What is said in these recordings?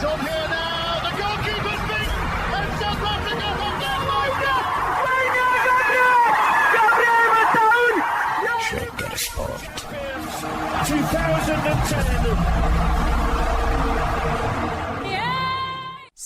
It's over here now.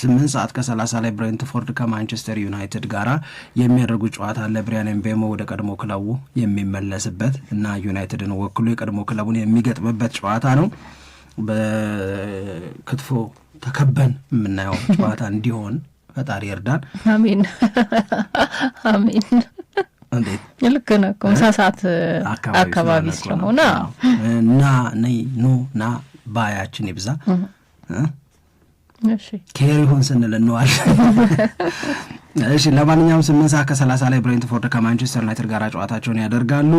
ስምንት ሰዓት ከሰላሳ ላይ ብሬንትፎርድ ከማንቸስተር ዩናይትድ ጋር የሚያደርጉ ጨዋታ አለ። ብሪያን ኤምቤሞ ወደ ቀድሞ ክለቡ የሚመለስበት እና ዩናይትድን ወክሎ የቀድሞ ክለቡን የሚገጥምበት ጨዋታ ነው። በክትፎ ተከበን የምናየው ጨዋታ እንዲሆን ፈጣሪ እርዳን። አሜን አሜን። እንዴት ልክ ነው። ምሳ ሰዓት አካባቢ ስለሆነ እና ነይ ኑ ና ባያችን ይብዛ። ኬር ይሁን ስንል እንዋል። እሺ ለማንኛውም ስምንት ሰዓት ከሰላሳ ላይ ብሬንትፎርድ ከማንቸስተር ዩናይትድ ጋር ጨዋታቸውን ያደርጋሉ።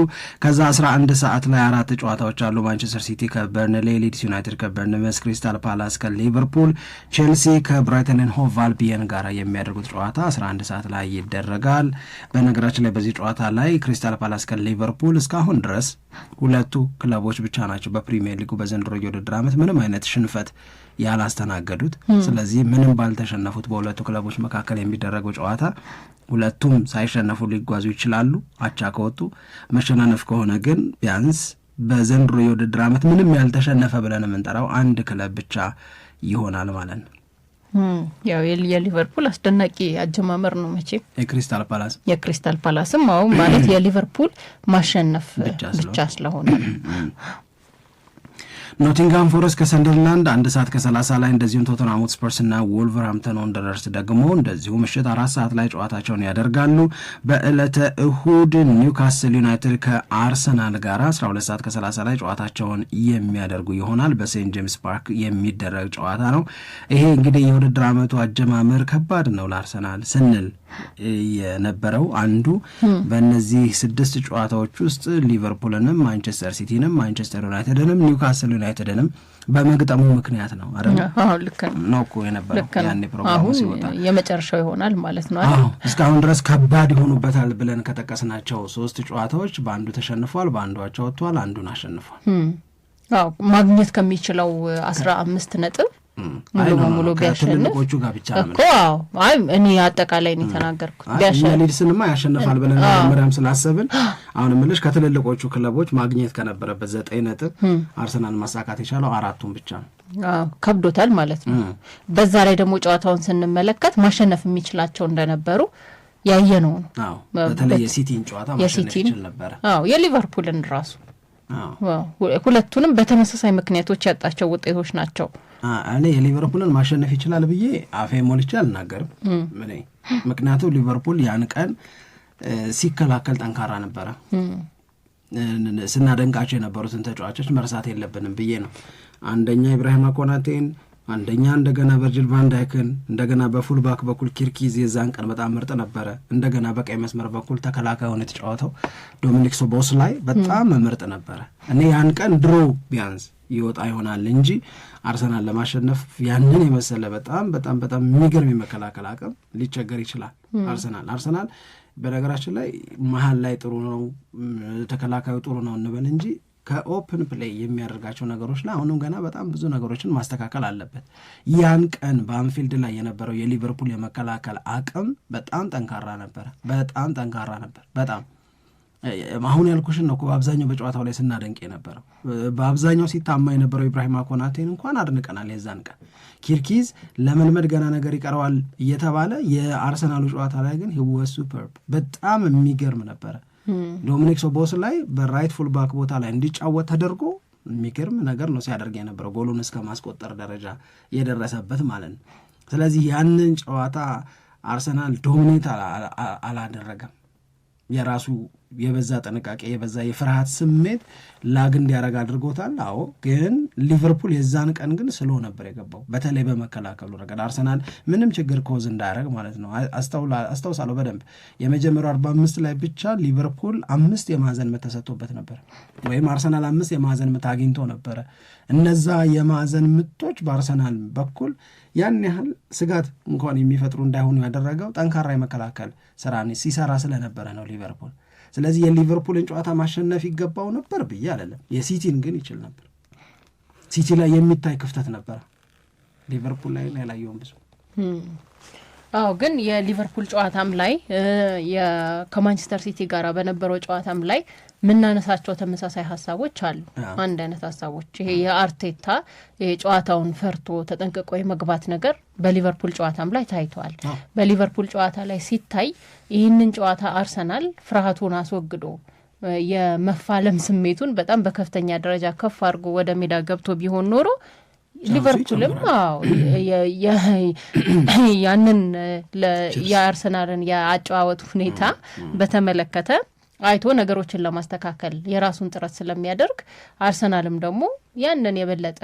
ከዛ አስራ አንድ ሰዓት ላይ አራት ጨዋታዎች አሉ። ማንቸስተር ሲቲ ከበርንሌ፣ ሊድስ ዩናይትድ ከበርንመስ፣ ክሪስታል ፓላስ ከሊቨርፑል፣ ቼልሲ ከብራይተንን ሆቭ አልቢየን ጋር የሚያደርጉት ጨዋታ 11 ሰዓት ላይ ይደረጋል። በነገራችን ላይ በዚህ ጨዋታ ላይ ክሪስታል ፓላስ ከሊቨርፑል እስካሁን ድረስ ሁለቱ ክለቦች ብቻ ናቸው በፕሪሚየር ሊጉ በዘንድሮ የውድድር ዓመት ምንም አይነት ሽንፈት ያላስተናገዱት። ስለዚህ ምንም ባልተሸነፉት በሁለቱ ክለቦች መካከል የሚደረገው ጨዋታ ሁለቱም ሳይሸነፉ ሊጓዙ ይችላሉ፣ አቻ ከወጡ። መሸናነፍ ከሆነ ግን ቢያንስ በዘንድሮ የውድድር ዓመት ምንም ያልተሸነፈ ብለን የምንጠራው አንድ ክለብ ብቻ ይሆናል ማለት ነው። ያው የሊቨርፑል አስደናቂ አጀማመር ነው መቼም የክሪስታል ፓላስ የክሪስታል ፓላስም አሁን ማለት የሊቨርፑል ማሸነፍ ብቻ ስለሆነ ኖቲንግሃም ፎረስት ከሰንደርላንድ አንድ ሰዓት ከሰላሳ ላይ እንደዚሁም ቶተንሃም ሆትስፐርስና ወልቨርሃምተን ወንደረርስ ደግሞ እንደዚሁ ምሽት አራት ሰዓት ላይ ጨዋታቸውን ያደርጋሉ። በዕለተ እሁድ ኒውካስል ዩናይትድ ከአርሰናል ጋር 12 ሰዓት ከ30 ላይ ጨዋታቸውን የሚያደርጉ ይሆናል። በሴንት ጄምስ ፓርክ የሚደረግ ጨዋታ ነው። ይሄ እንግዲህ የውድድር ዓመቱ አጀማመር ከባድ ነው ለአርሰናል ስንል የነበረው አንዱ በእነዚህ ስድስት ጨዋታዎች ውስጥ ሊቨርፑልንም ማንቸስተር ሲቲንም ማንቸስተር ዩናይትድንም ኒውካስል ዩናይትድ ዩናይትድንም በመግጠሙ ምክንያት ነው ነው እኮ የነበረው ያኔ ፕሮግራሙ ሲወጣ የመጨረሻው ይሆናል ማለት ነው። አዎ እስካሁን ድረስ ከባድ ይሆኑበታል ብለን ከጠቀስናቸው ሶስት ጨዋታዎች በአንዱ ተሸንፏል፣ በአንዱ አቻ ወጥቷል፣ አንዱን አሸንፏል። ማግኘት ከሚችለው አስራ አምስት ነጥብ ሙሉ በሙሉ ጋር ብቻ እኮ አይ እኔ አጠቃላይ ነው የተናገርኩት። ሊድስንማ ያሸንፋል ብለን መጀመሪያም ስላሰብን አሁን ምልሽ ከትልልቆቹ ክለቦች ማግኘት ከነበረበት ዘጠኝ ነጥብ አርሰናል ማሳካት የቻለው አራቱን ብቻ ነው። ከብዶታል ማለት ነው። በዛ ላይ ደግሞ ጨዋታውን ስንመለከት ማሸነፍ የሚችላቸው እንደነበሩ ያየ ነው ነው። በተለይ የሲቲን ጨዋታ ማሸነፍ ይችል ነበረ። የሊቨርፑልን ራሱ ሁለቱንም በተመሳሳይ ምክንያቶች ያጣቸው ውጤቶች ናቸው። እኔ የሊቨርፑልን ማሸነፍ ይችላል ብዬ አፌ ሞልቼ አልናገርም። ምን ምክንያቱም ሊቨርፑል ያን ቀን ሲከላከል ጠንካራ ነበረ። ስናደንቃቸው የነበሩትን ተጫዋቾች መርሳት የለብንም ብዬ ነው። አንደኛ ኢብራሂማ ኮናቴን አንደኛ እንደገና ቨርጅል ቫንዳይክን እንደገና በፉልባክ በኩል ኪርኪዝ የዛን ቀን በጣም ምርጥ ነበረ። እንደገና በቀይ መስመር በኩል ተከላካይ ሆነ የተጫወተው ዶሚኒክ ሶቦስ ላይ በጣም ምርጥ ነበረ። እኔ ያን ቀን ድሮ ቢያንስ ይወጣ ይሆናል እንጂ አርሰናል ለማሸነፍ ያንን የመሰለ በጣም በጣም በጣም የሚገርም የመከላከል አቅም ሊቸገር ይችላል አርሰናል አርሰናል በነገራችን ላይ መሀል ላይ ጥሩ ነው፣ ተከላካዩ ጥሩ ነው እንበል እንጂ ከኦፕን ፕሌይ የሚያደርጋቸው ነገሮች ላይ አሁንም ገና በጣም ብዙ ነገሮችን ማስተካከል አለበት። ያን ቀን በአንፊልድ ላይ የነበረው የሊቨርፑል የመከላከል አቅም በጣም ጠንካራ ነበረ፣ በጣም ጠንካራ ነበር። በጣም አሁን ያልኩሽን ነው። በአብዛኛው በጨዋታው ላይ ስናደንቅ የነበረው በአብዛኛው ሲታማ የነበረው ኢብራሂማ ኮናቴን እንኳን አድንቀናል። የዛን ቀን ኪርኪዝ ለመልመድ ገና ነገር ይቀረዋል እየተባለ የአርሰናሉ ጨዋታ ላይ ግን ሂወዝ ሱፐርብ በጣም የሚገርም ነበረ። ዶሚኒክ ሶቦስ ላይ በራይት ፉልባክ ቦታ ላይ እንዲጫወት ተደርጎ የሚገርም ነገር ነው ሲያደርግ የነበረው ጎሉን እስከ ማስቆጠር ደረጃ የደረሰበት ማለት ነው። ስለዚህ ያንን ጨዋታ አርሰናል ዶሚኔት አላደረገም የራሱ የበዛ ጥንቃቄ የበዛ የፍርሃት ስሜት ላግ እንዲያደርግ አድርጎታል። አዎ ግን ሊቨርፑል የዛን ቀን ግን ስሎ ነበር የገባው፣ በተለይ በመከላከሉ ረገድ አርሰናል ምንም ችግር ኮዝ እንዳያደርግ ማለት ነው። አስታውሳለሁ በደንብ የመጀመሪያው 45 ላይ ብቻ ሊቨርፑል አምስት የማዕዘን ምት ተሰጥቶበት ነበር፣ ወይም አርሰናል አምስት የማዕዘን ምት አግኝቶ ነበረ። እነዛ የማዕዘን ምቶች በአርሰናል በኩል ያን ያህል ስጋት እንኳን የሚፈጥሩ እንዳይሆኑ ያደረገው ጠንካራ የመከላከል ስራ ሲሰራ ስለነበረ ነው ሊቨርፑል ስለዚህ የሊቨርፑልን ጨዋታ ማሸነፍ ይገባው ነበር ብዬ አለለም። የሲቲን ግን ይችል ነበር። ሲቲ ላይ የሚታይ ክፍተት ነበረ፣ ሊቨርፑል ላይ ያላየውም ብዙ። አዎ ግን የሊቨርፑል ጨዋታም ላይ ከማንቸስተር ሲቲ ጋር በነበረው ጨዋታም ላይ የምናነሳቸው ተመሳሳይ ሀሳቦች አሉ። አንድ አይነት ሀሳቦች ይሄ የአርቴታ ጨዋታውን ፈርቶ ተጠንቅቆ የመግባት ነገር በሊቨርፑል ጨዋታም ላይ ታይተዋል። በሊቨርፑል ጨዋታ ላይ ሲታይ ይህንን ጨዋታ አርሰናል ፍርሃቱን አስወግዶ የመፋለም ስሜቱን በጣም በከፍተኛ ደረጃ ከፍ አድርጎ ወደ ሜዳ ገብቶ ቢሆን ኖሮ ሊቨርፑልም አዎ ያንን የአርሰናልን የአጨዋወት ሁኔታ በተመለከተ አይቶ ነገሮችን ለማስተካከል የራሱን ጥረት ስለሚያደርግ አርሰናልም ደግሞ ያንን የበለጠ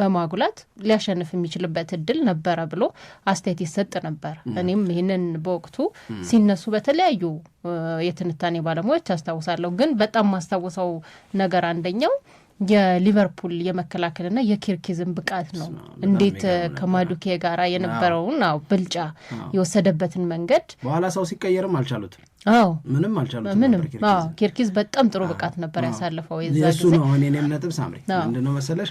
በማጉላት ሊያሸንፍ የሚችልበት እድል ነበረ ብሎ አስተያየት ይሰጥ ነበር። እኔም ይህንን በወቅቱ ሲነሱ በተለያዩ የትንታኔ ባለሙያዎች አስታውሳለሁ። ግን በጣም ማስታውሰው ነገር አንደኛው የሊቨርፑል የመከላከልና የኪርኪዝን ብቃት ነው። እንዴት ከማዱኬ ጋራ የነበረውን ብልጫ የወሰደበትን መንገድ በኋላ ሰው ሲቀየርም አልቻሉትም ምንም አልቻሉትም። ምንም በጣም ጥሩ ብቃት ነበር ያሳለፈው የእሱ ነው። አሁን የኔም ነጥብ ሳምሪ ምንድነው መሰለሽ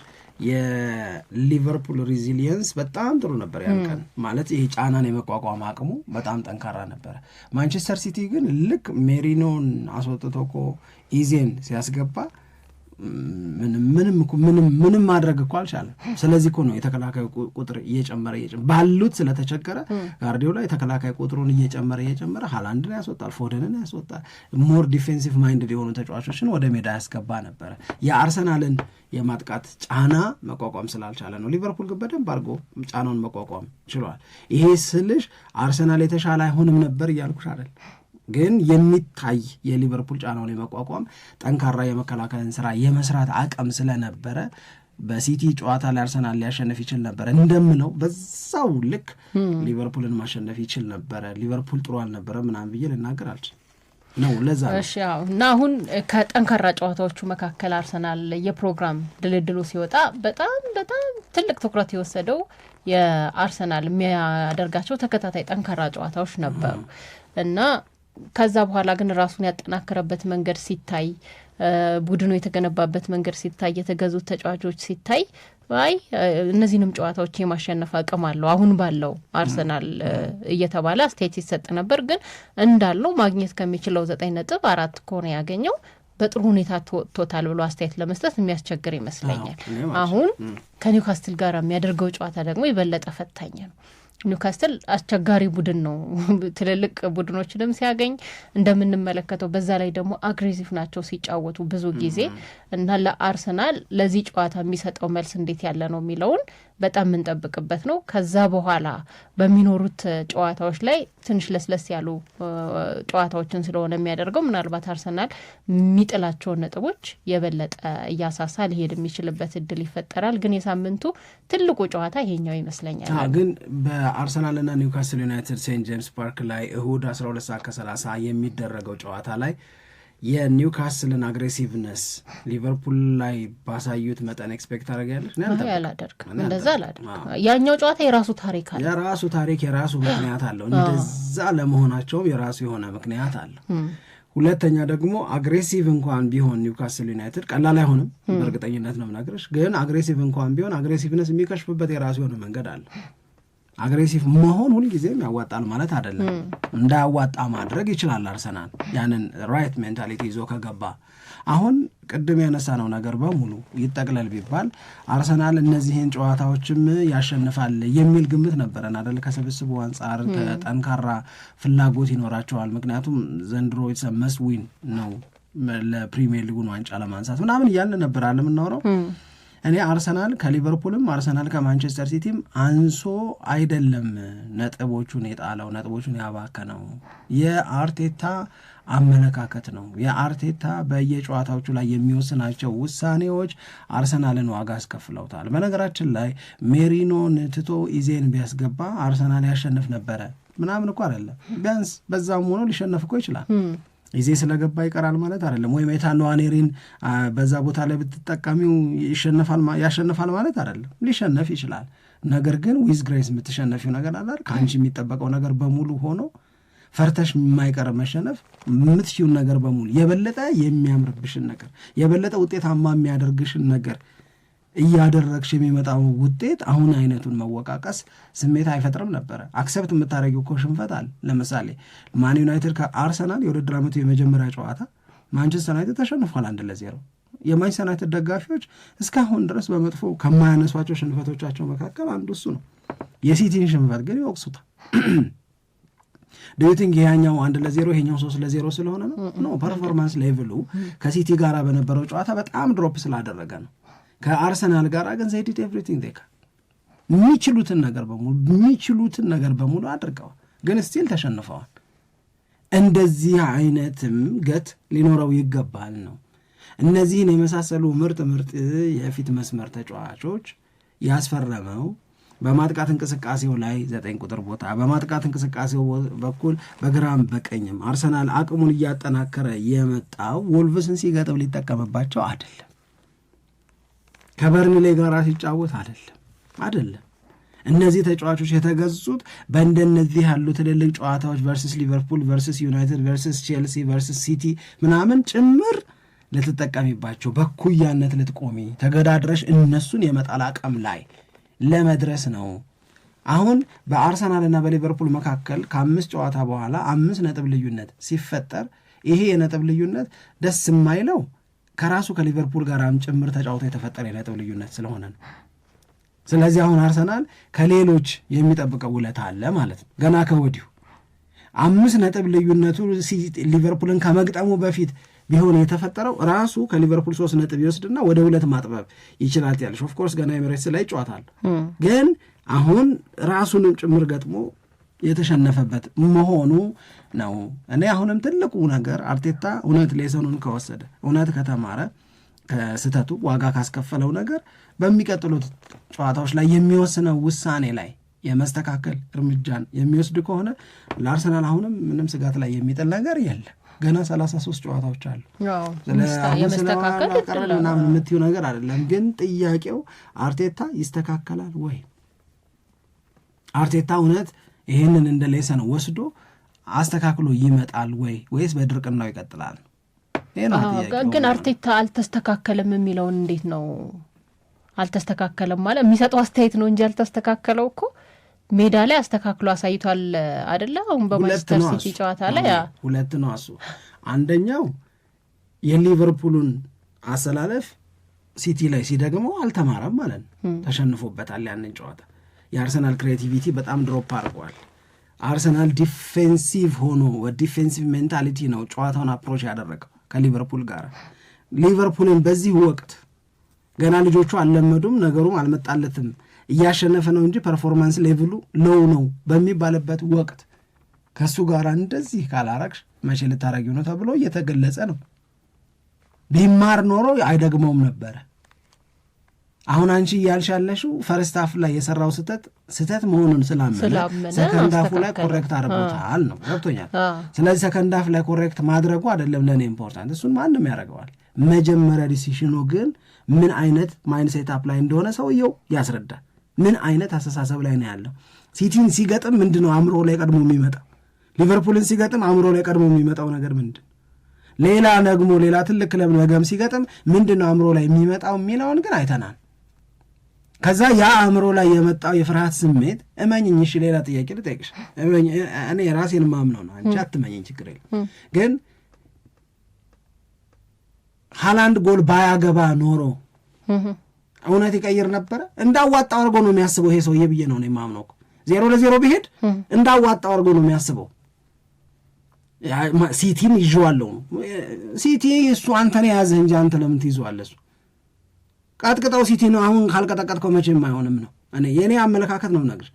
የሊቨርፑል ሪዚሊየንስ በጣም ጥሩ ነበር ያን ማለት ይሄ ጫናን የመቋቋም አቅሙ በጣም ጠንካራ ነበረ። ማንቸስተር ሲቲ ግን ልክ ሜሪኖን አስወጥቶ ኮ ኢዜን ሲያስገባ ምንም ምንም ማድረግ እኮ አልቻለም። ስለዚህ እኮ ነው የተከላካይ ቁጥር እየጨመረ እየጨመረ ባሉት ስለተቸገረ ጋርዲዮላ የተከላካይ ቁጥሩን እየጨመረ እየጨመረ ሀላንድን ያስወጣል፣ ፎደንን ያስወጣል፣ ሞር ዲፌንሲቭ ማይንድ የሆኑ ተጫዋቾችን ወደ ሜዳ ያስገባ ነበረ። የአርሰናልን የማጥቃት ጫና መቋቋም ስላልቻለ ነው። ሊቨርፑል ግን በደንብ አድርጎ ጫናውን መቋቋም ችሏል። ይሄ ስልሽ አርሰናል የተሻለ አይሆንም ነበር እያልኩሽ አይደል ግን የሚታይ የሊቨርፑል ጫናውን የመቋቋም ጠንካራ የመከላከልን ስራ የመስራት አቅም ስለነበረ በሲቲ ጨዋታ ላይ አርሰናል ሊያሸነፍ ይችል ነበረ። እንደምለው በዛው ልክ hmm. ሊቨርፑልን ማሸነፍ ይችል ነበረ። ሊቨርፑል ጥሩ አልነበረ ምናምን ብዬ ልናገር አልችል ነው። ለዛ እና አሁን ከጠንካራ ጨዋታዎቹ መካከል አርሰናል የፕሮግራም ድልድሉ ሲወጣ በጣም በጣም ትልቅ ትኩረት የወሰደው የአርሰናል የሚያደርጋቸው ተከታታይ ጠንካራ ጨዋታዎች ነበሩ hmm. እና ከዛ በኋላ ግን ራሱን ያጠናከረበት መንገድ ሲታይ፣ ቡድኑ የተገነባበት መንገድ ሲታይ፣ የተገዙት ተጫዋቾች ሲታይ አይ እነዚህንም ጨዋታዎች የማሸነፍ አቅም አለው አሁን ባለው አርሰናል እየተባለ አስተያየት ሲሰጥ ነበር። ግን እንዳለው ማግኘት ከሚችለው ዘጠኝ ነጥብ አራት ከሆነ ያገኘው በጥሩ ሁኔታ ተወጥቶታል ብሎ አስተያየት ለመስጠት የሚያስቸግር ይመስለኛል። አሁን ከኒውካስትል ጋር የሚያደርገው ጨዋታ ደግሞ የበለጠ ፈታኝ ነው። ኒውካስትል አስቸጋሪ ቡድን ነው። ትልልቅ ቡድኖችንም ሲያገኝ እንደምንመለከተው፣ በዛ ላይ ደግሞ አግሬሲቭ ናቸው ሲጫወቱ ብዙ ጊዜ እና ለአርሰናል ለዚህ ጨዋታ የሚሰጠው መልስ እንዴት ያለ ነው የሚለውን በጣም የምንጠብቅበት ነው። ከዛ በኋላ በሚኖሩት ጨዋታዎች ላይ ትንሽ ለስለስ ያሉ ጨዋታዎችን ስለሆነ የሚያደርገው ምናልባት አርሰናል የሚጥላቸውን ነጥቦች የበለጠ እያሳሳ ሊሄድ የሚችልበት እድል ይፈጠራል። ግን የሳምንቱ ትልቁ ጨዋታ ይሄኛው ይመስለኛል። ግን በአርሰናልና ኒውካስል ዩናይትድ ሴንት ጄምስ ፓርክ ላይ እሁድ 12 ሰዓት ከ30 የሚደረገው ጨዋታ ላይ የኒውካስልን አግሬሲቭነስ ሊቨርፑል ላይ ባሳዩት መጠን ኤክስፔክት አደርጋለች። አላደርግም፣ እንደዛ አላደርግም። ያኛው ጨዋታ የራሱ ታሪክ አለ፣ የራሱ ታሪክ የራሱ ምክንያት አለው። እንደዛ ለመሆናቸውም የራሱ የሆነ ምክንያት አለው። ሁለተኛ ደግሞ አግሬሲቭ እንኳን ቢሆን ኒውካስል ዩናይትድ ቀላል አይሆንም፣ በእርግጠኝነት ነው የምናገርሽ። ግን አግሬሲቭ እንኳን ቢሆን አግሬሲቭነስ የሚከሽፍበት የራሱ የሆነ መንገድ አለ። አግሬሲቭ መሆን ሁልጊዜም ያዋጣል ማለት አይደለም። እንዳያዋጣ ማድረግ ይችላል አርሰናል ያንን ራይት ሜንታሊቲ ይዞ ከገባ። አሁን ቅድም ያነሳነው ነገር በሙሉ ይጠቅለል ቢባል አርሰናል እነዚህን ጨዋታዎችም ያሸንፋል የሚል ግምት ነበረን አደል? ከስብስቡ አንጻር ጠንካራ ፍላጎት ይኖራቸዋል። ምክንያቱም ዘንድሮ መስዊን ነው ለፕሪሚየር ሊጉን ዋንጫ ለማንሳት ምናምን እያልን ነበር የምናወራው እኔ አርሰናል ከሊቨርፑልም አርሰናል ከማንቸስተር ሲቲም አንሶ አይደለም ነጥቦቹን የጣለው ነጥቦቹን ያባከነው የአርቴታ አመለካከት ነው። የአርቴታ በየጨዋታዎቹ ላይ የሚወስናቸው ውሳኔዎች አርሰናልን ዋጋ አስከፍለውታል። በነገራችን ላይ ሜሪኖን ትቶ ኢዜን ቢያስገባ አርሰናል ያሸንፍ ነበረ ምናምን እኮ አይደለም። ቢያንስ በዛም ሆኖ ሊሸነፍ እኮ ይችላል። ይዜ ስለገባ ይቀራል ማለት አይደለም። ወይም ኤታን ዋኔሪን በዛ ቦታ ላይ ብትጠቀሚው ያሸንፋል ማለት አይደለም። ሊሸነፍ ይችላል። ነገር ግን ዊዝ ግሬስ የምትሸነፊው ነገር አላል ከአንቺ የሚጠበቀው ነገር በሙሉ ሆኖ ፈርተሽ የማይቀር መሸነፍ የምትሽውን ነገር በሙሉ የበለጠ የሚያምርብሽን ነገር የበለጠ ውጤታማ የሚያደርግሽን ነገር እያደረግሽ የሚመጣው ውጤት አሁን አይነቱን መወቃቀስ ስሜት አይፈጥርም ነበረ። አክሰብት የምታደረጊው እኮ ሽንፈት አለ። ለምሳሌ ማን ዩናይትድ ከአርሰናል የውድድር ዓመቱ የመጀመሪያ ጨዋታ ማንቸስተር ዩናይትድ ተሸንፏል አንድ ለዜሮ። የማንቸስተር ዩናይትድ ደጋፊዎች እስካሁን ድረስ በመጥፎ ከማያነሷቸው ሽንፈቶቻቸው መካከል አንዱ እሱ ነው። የሲቲን ሽንፈት ግን ይወቅሱታል። ዶዩቲንግ ይሄኛው አንድ ለዜሮ ይሄኛው ሶስት ለዜሮ ስለሆነ ነው ኖ ፐርፎርማንስ ሌቭሉ ከሲቲ ጋር በነበረው ጨዋታ በጣም ድሮፕ ስላደረገ ነው ከአርሰናል ጋር ግን ዘይ ኤቭሪቲንግ ዴይ የሚችሉትን ነገር በሙሉ የሚችሉትን ነገር በሙሉ አድርገዋል፣ ግን ስቲል ተሸንፈዋል። እንደዚህ አይነትም ገት ሊኖረው ይገባል ነው እነዚህን የመሳሰሉ ምርጥ ምርጥ የፊት መስመር ተጫዋቾች ያስፈረመው በማጥቃት እንቅስቃሴው ላይ ዘጠኝ ቁጥር ቦታ በማጥቃት እንቅስቃሴው በኩል በግራም በቀኝም አርሰናል አቅሙን እያጠናከረ የመጣው ወልቭስን ሲገጥም ሊጠቀምባቸው አይደለም። ከበርንሌ ጋር ሲጫወት አይደለም አይደለም። እነዚህ ተጫዋቾች የተገዙት በእንደነዚህ ያሉ ትልልቅ ጨዋታዎች ቨርስስ ሊቨርፑል፣ ቨርስስ ዩናይትድ፣ ቨርስስ ቼልሲ፣ ቨርስስ ሲቲ ምናምን ጭምር ልትጠቀሚባቸው በኩያነት ልትቆሚ ተገዳድረሽ እነሱን የመጣል አቅም ላይ ለመድረስ ነው። አሁን በአርሰናልና በሊቨርፑል መካከል ከአምስት ጨዋታ በኋላ አምስት ነጥብ ልዩነት ሲፈጠር ይሄ የነጥብ ልዩነት ደስ የማይለው ከራሱ ከሊቨርፑል ጋርም ጭምር ተጫውቶ የተፈጠረ የነጥብ ልዩነት ስለሆነ ነው። ስለዚህ አሁን አርሰናል ከሌሎች የሚጠብቀው ውለታ አለ ማለት ነው። ገና ከወዲሁ አምስት ነጥብ ልዩነቱ ሊቨርፑልን ከመግጠሙ በፊት ቢሆን የተፈጠረው ራሱ ከሊቨርፑል ሶስት ነጥብ ይወስድና ወደ ሁለት ማጥበብ ይችላል ያለች ኦፍኮርስ ገና የመሬት ላይ ይጨዋታል። ግን አሁን ራሱንም ጭምር ገጥሞ የተሸነፈበት መሆኑ ነው። እኔ አሁንም ትልቁ ነገር አርቴታ እውነት ሌሰኑን ከወሰደ እውነት ከተማረ ከስህተቱ ዋጋ ካስከፈለው ነገር በሚቀጥሉት ጨዋታዎች ላይ የሚወስነው ውሳኔ ላይ የመስተካከል እርምጃን የሚወስድ ከሆነ ለአርሰናል አሁንም ምንም ስጋት ላይ የሚጥል ነገር የለም። ገና 33 ጨዋታዎች አሉ። ስለቀረ ምናምን የምትዩ ነገር አይደለም። ግን ጥያቄው አርቴታ ይስተካከላል ወይ? አርቴታ እውነት ይህንን እንደ ሌሰን ወስዶ አስተካክሎ ይመጣል ወይ ወይስ በድርቅናው ይቀጥላል? ግን አርቴታ አልተስተካከለም የሚለውን እንዴት ነው? አልተስተካከለም ማለት የሚሰጠው አስተያየት ነው እንጂ አልተስተካከለው እኮ ሜዳ ላይ አስተካክሎ አሳይቷል አደለ? አሁን በማንቸስተር ሲቲ ጨዋታ ላይ ሁለት ነው እሱ። አንደኛው የሊቨርፑሉን አሰላለፍ ሲቲ ላይ ሲደግመው አልተማረም ማለት ነው፣ ተሸንፎበታል ያንን ጨዋታ የአርሰናል ክሬቲቪቲ በጣም ድሮፕ አድርጓል። አርሰናል ዲፌንሲቭ ሆኖ ዲፌንሲቭ ሜንታሊቲ ነው ጨዋታውን አፕሮች ያደረገው ከሊቨርፑል ጋር። ሊቨርፑልን በዚህ ወቅት ገና ልጆቹ አልለመዱም፣ ነገሩም አልመጣለትም፣ እያሸነፈ ነው እንጂ ፐርፎርማንስ ሌቭሉ ሎው ነው በሚባልበት ወቅት ከእሱ ጋር እንደዚህ ካላረግሽ መቼ ልታረጊው ነው ተብሎ እየተገለጸ ነው። ቢማር ኖሮ አይደግመውም ነበረ። አሁን አንቺ እያልሻለሽው ፈርስት ላይ የሰራው ስህተት ስህተት መሆኑን ስላመነ ሰከንድ ላይ ኮሬክት አድርጎታል ነው። ገብቶኛል። ስለዚህ ሰከንድ ሀፍ ላይ ኮሬክት ማድረጉ አይደለም ለእኔ ኢምፖርታንት፣ እሱን ማንም ያደርገዋል። መጀመሪያ ዲሲሽኑ ግን ምን አይነት ማይንድ አፕ ላይ እንደሆነ ሰውየው ያስረዳል። ምን አይነት አስተሳሰብ ላይ ነው ያለው። ሲቲን ሲገጥም ምንድነው ነው አእምሮ ላይ ቀድሞ የሚመጣው? ሊቨርፑልን ሲገጥም አእምሮ ላይ ቀድሞ የሚመጣው ነገር ምንድን ሌላ ደግሞ ሌላ ትልቅ ክለብ ነገም ሲገጥም ምንድን ነው አእምሮ ላይ የሚመጣው የሚለውን ግን አይተናል። ከዛ ያ አእምሮ ላይ የመጣው የፍርሃት ስሜት እመኝኝ፣ እሺ ሌላ ጥያቄ ልጠይቅሽ። እኔ የራሴን ማምነው ነው፣ አንቺ አትመኝኝ፣ ችግር የለም ግን ሀላንድ ጎል ባያገባ ኖሮ እውነት ይቀይር ነበረ? እንዳዋጣው አድርጎ ነው የሚያስበው ይሄ ሰውዬ ብዬ ነው የማምነው። ዜሮ ለዜሮ ቢሄድ እንዳዋጣው አድርጎ ነው የሚያስበው። ሲቲም ይዤዋለሁ ነው ሲቲ እሱ አንተን የያዘህ እንጂ አንተ ለምን ትይዘዋለህ? እሱ ቀጥቅጠው ሲቲ ነው አሁን ካልቀጠቀጥከው መቼም አይሆንም ነው እኔ የእኔ አመለካከት ነው ነገር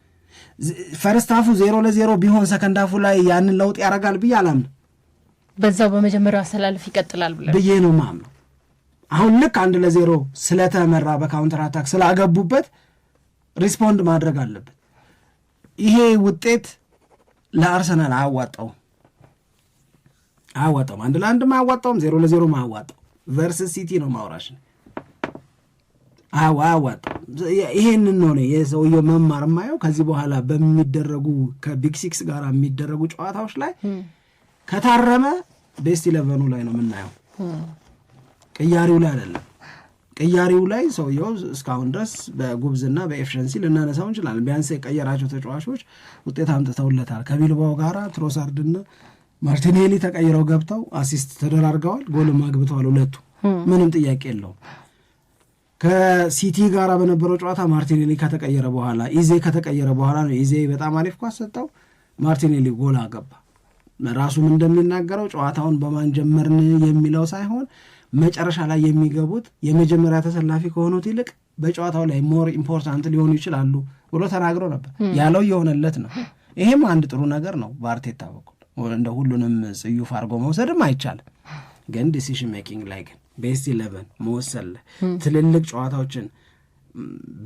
ፈርስታፉ ዜሮ ለዜሮ ቢሆን ሰከንዳፉ ላይ ያንን ለውጥ ያደርጋል ብዬ አላምንም። በዛው በመጀመሪያው አሰላለፍ ይቀጥላል ብዬ ነው ማምነው። አሁን ልክ አንድ ለዜሮ ስለተመራ በካውንተር አታክ ስላገቡበት ሪስፖንድ ማድረግ አለበት። ይሄ ውጤት ለአርሰናል አያዋጣውም አያዋጣውም። አንድ ለአንድም አያዋጣውም፣ ዜሮ ለዜሮ አያዋጣው። ቨርስስ ሲቲ ነው ማውራሽ ነው አዋጥ ይሄንን ነው የሰውየው መማር የማየው። ከዚህ በኋላ በሚደረጉ ከቢግ ሲክስ ጋር የሚደረጉ ጨዋታዎች ላይ ከታረመ ቤስት ኢለቨኑ ላይ ነው የምናየው፣ ቅያሪው ላይ አይደለም። ቅያሪው ላይ ሰውየው እስካሁን ድረስ በጉብዝና በኤፍሸንሲ ልናነሳው እንችላለን። ቢያንስ የቀየራቸው ተጫዋቾች ውጤት አምጥተውለታል። ከቢልባው ጋር ትሮሳርድና ማርቲኔሊ ተቀይረው ገብተው አሲስት ተደራርገዋል፣ ጎልም አግብተዋል። ሁለቱ ምንም ጥያቄ የለውም። ከሲቲ ጋር በነበረው ጨዋታ ማርቲኔሊ ከተቀየረ በኋላ ኢዜ ከተቀየረ በኋላ ነው። ኢዜ በጣም አሪፍ ኳስ ሰጠው፣ ማርቲኔሊ ጎል አገባ። ራሱም እንደሚናገረው ጨዋታውን በማን ጀመርን የሚለው ሳይሆን መጨረሻ ላይ የሚገቡት የመጀመሪያ ተሰላፊ ከሆኑት ይልቅ በጨዋታው ላይ ሞር ኢምፖርታንት ሊሆኑ ይችላሉ ብሎ ተናግሮ ነበር። ያለው የሆነለት ነው። ይሄም አንድ ጥሩ ነገር ነው። ባርቴ በኩል እንደ ሁሉንም ጽዩፍ አድርጎ መውሰድም አይቻልም፣ ግን ዲሲሽን ሜኪንግ ላይ ግን ቤስት ኢለቨን መወሰል ትልልቅ ጨዋታዎችን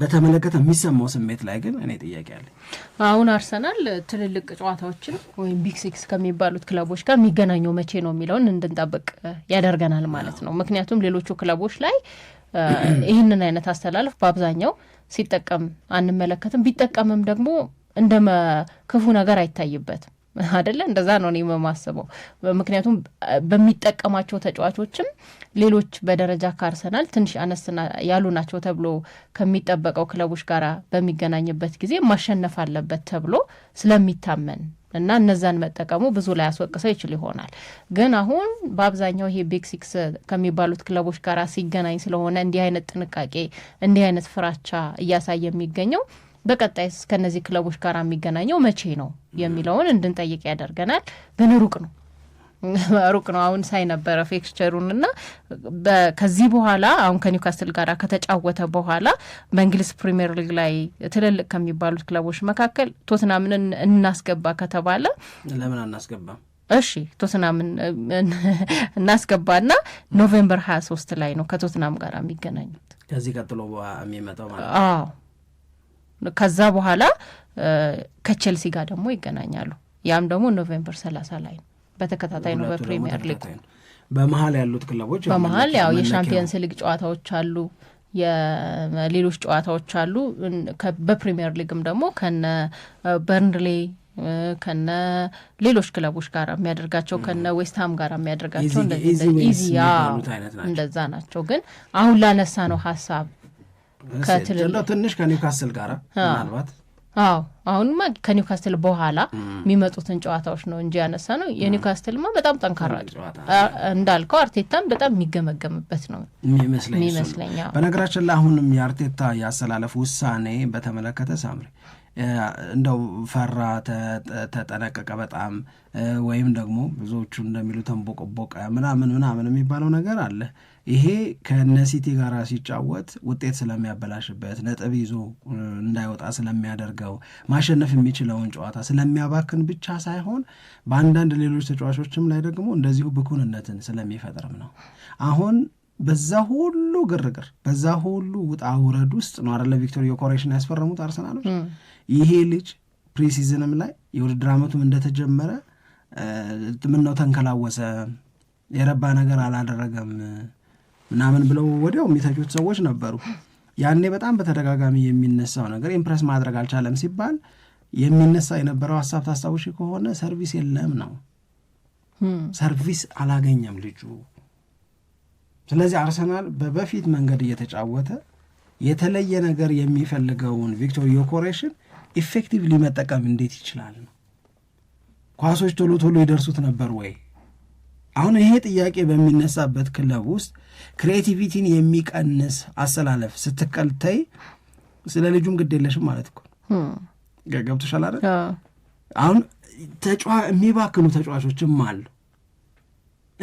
በተመለከተ የሚሰማው ስሜት ላይ ግን እኔ ጥያቄ አለኝ። አሁን አርሰናል ትልልቅ ጨዋታዎችን ወይም ቢግ ሲክስ ከሚባሉት ክለቦች ጋር የሚገናኘው መቼ ነው የሚለውን እንድንጠብቅ ያደርገናል ማለት ነው። ምክንያቱም ሌሎቹ ክለቦች ላይ ይህንን አይነት አስተላለፍ በአብዛኛው ሲጠቀም አንመለከትም። ቢጠቀምም ደግሞ እንደ ክፉ ነገር አይታይበትም። አደለ? እንደዛ ነው እኔ የማስበው። ምክንያቱም በሚጠቀማቸው ተጫዋቾችም ሌሎች በደረጃ ካርሰናል ትንሽ አነስና ያሉ ናቸው ተብሎ ከሚጠበቀው ክለቦች ጋር በሚገናኝበት ጊዜ ማሸነፍ አለበት ተብሎ ስለሚታመን እና እነዛን መጠቀሙ ብዙ ላይ ያስወቅሰው ይችል ይሆናል። ግን አሁን በአብዛኛው ይሄ ቢግ ሲክስ ከሚባሉት ክለቦች ጋር ሲገናኝ ስለሆነ እንዲህ አይነት ጥንቃቄ እንዲህ አይነት ፍራቻ እያሳየ የሚገኘው በቀጣይ ከነዚህ ክለቦች ጋር የሚገናኘው መቼ ነው የሚለውን እንድንጠይቅ ያደርገናል። ግን ሩቅ ነው ሩቅ ነው። አሁን ሳይ ነበረ ፌክስቸሩን እና ከዚህ በኋላ አሁን ከኒውካስትል ጋር ከተጫወተ በኋላ በእንግሊዝ ፕሪምየር ሊግ ላይ ትልልቅ ከሚባሉት ክለቦች መካከል ቶትናምን እናስገባ ከተባለ ለምን አናስገባም? እሺ ቶትናምን እናስገባና ኖቬምበር ሀያ ሶስት ላይ ነው ከቶትናም ጋር የሚገናኙት ከዚህ ቀጥሎ የሚመጣው ማለት ከዛ በኋላ ከቼልሲ ጋር ደግሞ ይገናኛሉ። ያም ደግሞ ኖቬምበር ሰላሳ ላይ ነው። በተከታታይ ነው በፕሪሚየር ሊግ በመሀል ያሉት ክለቦች በመሀል ያው የሻምፒየንስ ሊግ ጨዋታዎች አሉ፣ የሌሎች ጨዋታዎች አሉ። በፕሪሚየር ሊግም ደግሞ ከነ በርንሌ ከነ ሌሎች ክለቦች ጋር የሚያደርጋቸው ከነ ዌስትሃም ጋር የሚያደርጋቸው እንደዛ ናቸው። ግን አሁን ላነሳ ነው ሀሳብ ከትልልቅ ትንሽ ከኒውካስል ጋር ምናልባት አዎ አሁንማ ከኒውካስትል በኋላ የሚመጡትን ጨዋታዎች ነው እንጂ ያነሳ ነው። የኒውካስትልማ በጣም ጠንካራ እንዳልከው አርቴታን በጣም የሚገመገምበት ነው የሚመስለኝ። በነገራችን ላይ አሁንም የአርቴታ የአሰላለፍ ውሳኔ በተመለከተ ሳምሪ እንደው ፈራ ተጠነቀቀ በጣም ወይም ደግሞ ብዙዎቹ እንደሚሉ ተንቦቆቦቀ ምናምን ምናምን የሚባለው ነገር አለ ይሄ ከነሲቲ ጋር ሲጫወት ውጤት ስለሚያበላሽበት ነጥብ ይዞ እንዳይወጣ ስለሚያደርገው ማሸነፍ የሚችለውን ጨዋታ ስለሚያባክን ብቻ ሳይሆን በአንዳንድ ሌሎች ተጫዋቾችም ላይ ደግሞ እንደዚሁ ብኩንነትን ስለሚፈጥርም ነው። አሁን በዛ ሁሉ ግርግር፣ በዛ ሁሉ ውጣ ውረድ ውስጥ ነው አደለ ቪክቶር ዮኮሬሽን ያስፈረሙት አርሰናሎች። ይሄ ልጅ ፕሪሲዝንም ላይ የውድድር አመቱም እንደተጀመረ ምነው ተንከላወሰ፣ የረባ ነገር አላደረገም ምናምን ብለው ወዲያው የሚተቹት ሰዎች ነበሩ። ያኔ በጣም በተደጋጋሚ የሚነሳው ነገር ኢምፕረስ ማድረግ አልቻለም ሲባል የሚነሳ የነበረው ሀሳብ ታስታውሽ ከሆነ ሰርቪስ የለም ነው። ሰርቪስ አላገኘም ልጁ። ስለዚህ አርሰናል በበፊት መንገድ እየተጫወተ የተለየ ነገር የሚፈልገውን ቪክቶር ዮኮሬሽን ኢፌክቲቭሊ መጠቀም እንዴት ይችላል ነው። ኳሶች ቶሎ ቶሎ ይደርሱት ነበር ወይ አሁን ይሄ ጥያቄ በሚነሳበት ክለብ ውስጥ ክሬቲቪቲን የሚቀንስ አሰላለፍ ስትቀልተይ ስለ ልጁም ግድ የለሽም ማለት እኮ ገብቶሻል አይደል? አሁን የሚባክኑ ተጫዋቾችም አሉ።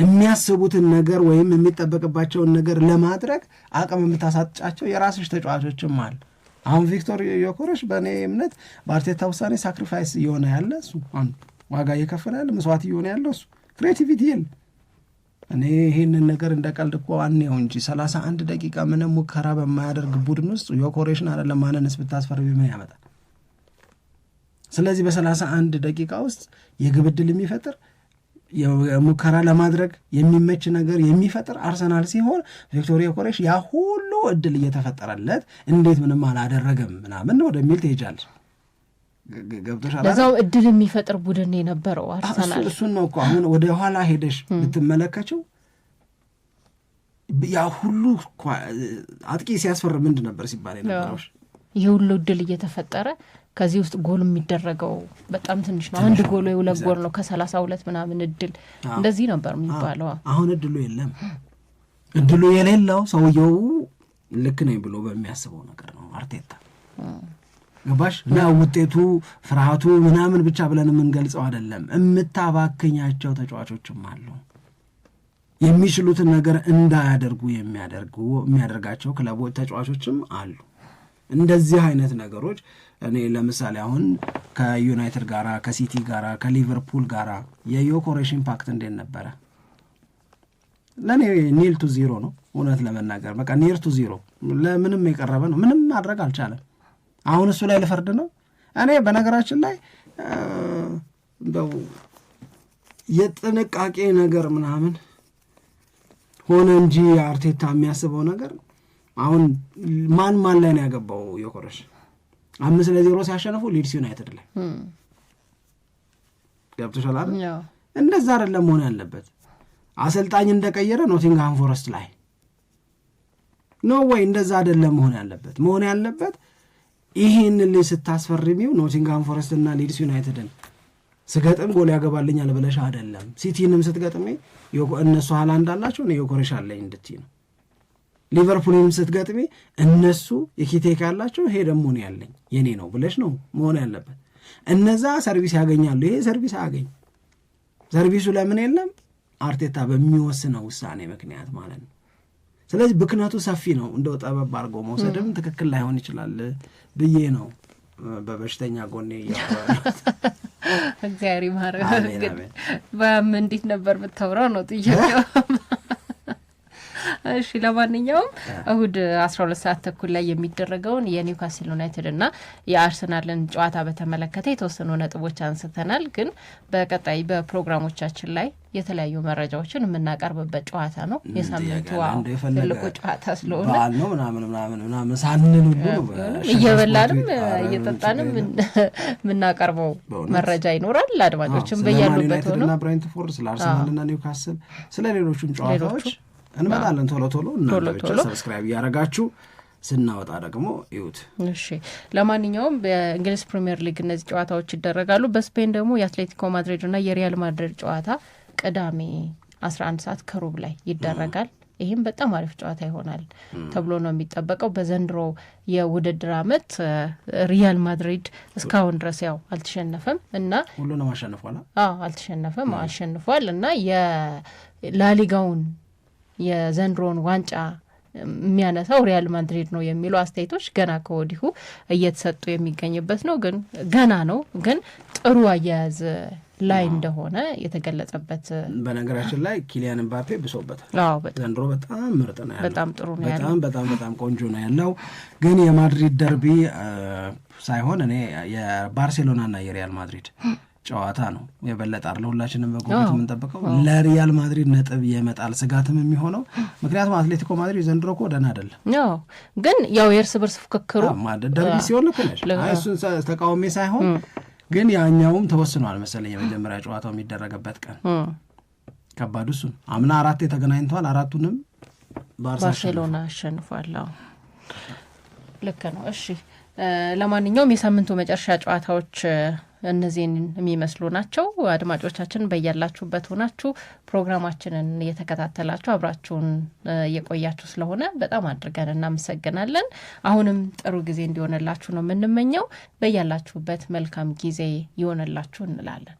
የሚያስቡትን ነገር ወይም የሚጠበቅባቸውን ነገር ለማድረግ አቅም የምታሳጫቸው የራስሽ ተጫዋቾችም አሉ። አሁን ቪክቶር ዮኮረሽ በእኔ እምነት በአርቴታ ውሳኔ ሳክሪፋይስ እየሆነ ያለ እሱ አንዱ ዋጋ እየከፈለ ያለ መስዋዕት እየሆነ ያለ እሱ ክሬቲቪቲ የለም። እኔ ይህንን ነገር እንደ ቀልድ እኮ ዋኔው እንጂ ሰላሳ አንድ ደቂቃ ምንም ሙከራ በማያደርግ ቡድን ውስጥ የኮሬሽን አይደለም ማንንስ ብታስፈርቢ ምን ያመጣል? ስለዚህ በሰላሳ አንድ ደቂቃ ውስጥ የግብ ዕድል የሚፈጥር ሙከራ ለማድረግ የሚመች ነገር የሚፈጥር አርሰናል ሲሆን ቪክቶሪ ኮሬሽ ያ ሁሉ እድል እየተፈጠረለት እንዴት ምንም አላደረገም ምናምን ወደሚል ትሄጃለች። ገብቶሻል። በዛው እድል የሚፈጥር ቡድን የነበረው አርሰናል እሱን ነው እኮ አሁን ወደ ኋላ ሄደሽ ብትመለከችው ያ ሁሉ አጥቂ ሲያስፈር ምንድን ነበር ሲባል የነበረው ይህ ሁሉ እድል እየተፈጠረ ከዚህ ውስጥ ጎል የሚደረገው በጣም ትንሽ ነው። አንድ ጎል ወይ ሁለት ጎል ነው ከሰላሳ ሁለት ምናምን እድል እንደዚህ ነበር የሚባለው። አሁን እድሉ የለም። እድሉ የሌለው ሰውየው ልክ ነኝ ብሎ በሚያስበው ነገር ነው አርቴታ ገባሽ እና ውጤቱ ፍርሃቱ ምናምን ብቻ ብለን የምንገልጸው አይደለም። የምታባክኛቸው ተጫዋቾችም አሉ። የሚችሉትን ነገር እንዳያደርጉ የሚያደርጉ የሚያደርጋቸው ክለቦች ተጫዋቾችም አሉ። እንደዚህ አይነት ነገሮች እኔ ለምሳሌ አሁን ከዩናይትድ ጋራ፣ ከሲቲ ጋራ፣ ከሊቨርፑል ጋራ የዮኮሬሽ ኢምፓክት እንዴት ነበረ? ለእኔ ኒል ቱ ዚሮ ነው እውነት ለመናገር በቃ ኒር ቱ ዚሮ ለምንም የቀረበ ነው። ምንም ማድረግ አልቻለም። አሁን እሱ ላይ ልፈርድ ነው እኔ። በነገራችን ላይ እንደው የጥንቃቄ ነገር ምናምን ሆነ እንጂ አርቴታ የሚያስበው ነገር አሁን ማን ማን ላይ ነው ያገባው? የኮረሽ አምስት ለዜሮ ሲያሸንፉ ሊድስ ዩናይትድ ላይ ገብቶሻል አይደል? እንደዛ አይደለም መሆን ያለበት። አሰልጣኝ እንደቀየረ ኖቲንግሃም ፎረስት ላይ ነው ወይ እንደዛ አይደለም መሆን ያለበት መሆን ያለበት ይሄን ልጅ ስታስፈርሚው ኖቲንግሃም ፎረስት እና ሊድስ ዩናይትድን ስገጥም ጎል ያገባልኛል ብለሽ አይደለም። ሲቲንም ስትገጥሜ እነሱ ሀላ አላቸው እኔ አለኝ እንድትይ ነው። ሊቨርፑልንም ስትገጥሜ እነሱ የኪቴክ ያላቸው ይሄ ደግሞ እኔ ያለኝ የኔ ነው ብለሽ ነው መሆን ያለበት። እነዛ ሰርቪስ ያገኛሉ፣ ይሄ ሰርቪስ አያገኝ። ሰርቪሱ ለምን የለም? አርቴታ በሚወስነው ውሳኔ ምክንያት ማለት ነው። ስለዚህ ብክነቱ ሰፊ ነው። እንደው ጠበብ አድርጎ መውሰድም ትክክል ላይሆን ይችላል ብዬ ነው በበሽተኛ ጎኔ እግዚአብሔር ይማረው። በም እንዴት ነበር የምታወራው ነው ጥያቄው። እሺ ለማንኛውም እሁድ አስራ ሁለት ሰዓት ተኩል ላይ የሚደረገውን የኒውካስል ዩናይትድ እና የአርሰናልን ጨዋታ በተመለከተ የተወሰኑ ነጥቦች አንስተናል። ግን በቀጣይ በፕሮግራሞቻችን ላይ የተለያዩ መረጃዎችን የምናቀርብበት ጨዋታ ነው። የሳምንቱ ትልቁ ጨዋታ ስለሆነ በዓል ነው ምናምን ምናምን ምናምን ሳንል ሁሉ እየበላንም እየጠጣንም የምናቀርበው መረጃ ይኖራል። አድማጮችን በያሉበት ሆነው ብራንትፎርድ ስለ አርሰናልና ኒውካስል ስለ ሌሎቹም ጨዋታዎች እንመጣለን። ቶሎ ቶሎ እናንተ ብቻ ሰብስክራይብ እያረጋችሁ ስናወጣ ደግሞ ይሁት። እሺ ለማንኛውም በእንግሊዝ ፕሪምየር ሊግ እነዚህ ጨዋታዎች ይደረጋሉ። በስፔን ደግሞ የአትሌቲኮ ማድሪድ እና የሪያል ማድሪድ ጨዋታ ቅዳሜ 11 ሰዓት ከሩብ ላይ ይደረጋል። ይህም በጣም አሪፍ ጨዋታ ይሆናል ተብሎ ነው የሚጠበቀው። በዘንድሮ የውድድር ዓመት ሪያል ማድሪድ እስካሁን ድረስ ያው አልተሸነፈም እና ሁሉንም አሸንፏል አልተሸነፈም አሸንፏል እና የላሊጋውን የዘንድሮን ዋንጫ የሚያነሳው ሪያል ማድሪድ ነው የሚሉ አስተያየቶች ገና ከወዲሁ እየተሰጡ የሚገኝበት ነው። ግን ገና ነው፣ ግን ጥሩ አያያዝ ላይ እንደሆነ የተገለጸበት። በነገራችን ላይ ኪሊያን ምባፔ ብሶበታል። ዘንድሮ በጣም ምርጥ ነው ያለው፣ በጣም ጥሩ ነው ያለው፣ በጣም በጣም በጣም ቆንጆ ነው ያለው። ግን የማድሪድ ደርቢ ሳይሆን እኔ የባርሴሎና ና የሪያል ማድሪድ ጨዋታ ነው የበለጠ አለ ሁላችንም በጉጉት የምንጠብቀው ለሪያል ማድሪድ ነጥብ የመጣል ስጋትም የሚሆነው ምክንያቱም አትሌቲኮ ማድሪድ ዘንድሮ እኮ ደህና አይደለም። ግን ያው የእርስ በርስ ፍክክሩ ደርቢ ሲሆን ልክ እሱን ተቃውሜ ሳይሆን ግን ያኛውም ተወስኗል መሰለኝ የመጀመሪያ ጨዋታው የሚደረገበት ቀን ከባዱ እሱን አምና አራት የተገናኝተዋል አራቱንም ባርሴሎና አሸንፏል። ልክ ነው። እሺ ለማንኛውም የሳምንቱ መጨረሻ ጨዋታዎች እነዚህን የሚመስሉ ናቸው። አድማጮቻችን በያላችሁበት ሆናችሁ ፕሮግራማችንን እየተከታተላችሁ አብራችሁን እየቆያችሁ ስለሆነ በጣም አድርገን እናመሰግናለን። አሁንም ጥሩ ጊዜ እንዲሆንላችሁ ነው የምንመኘው። በያላችሁበት መልካም ጊዜ ይሆንላችሁ እንላለን።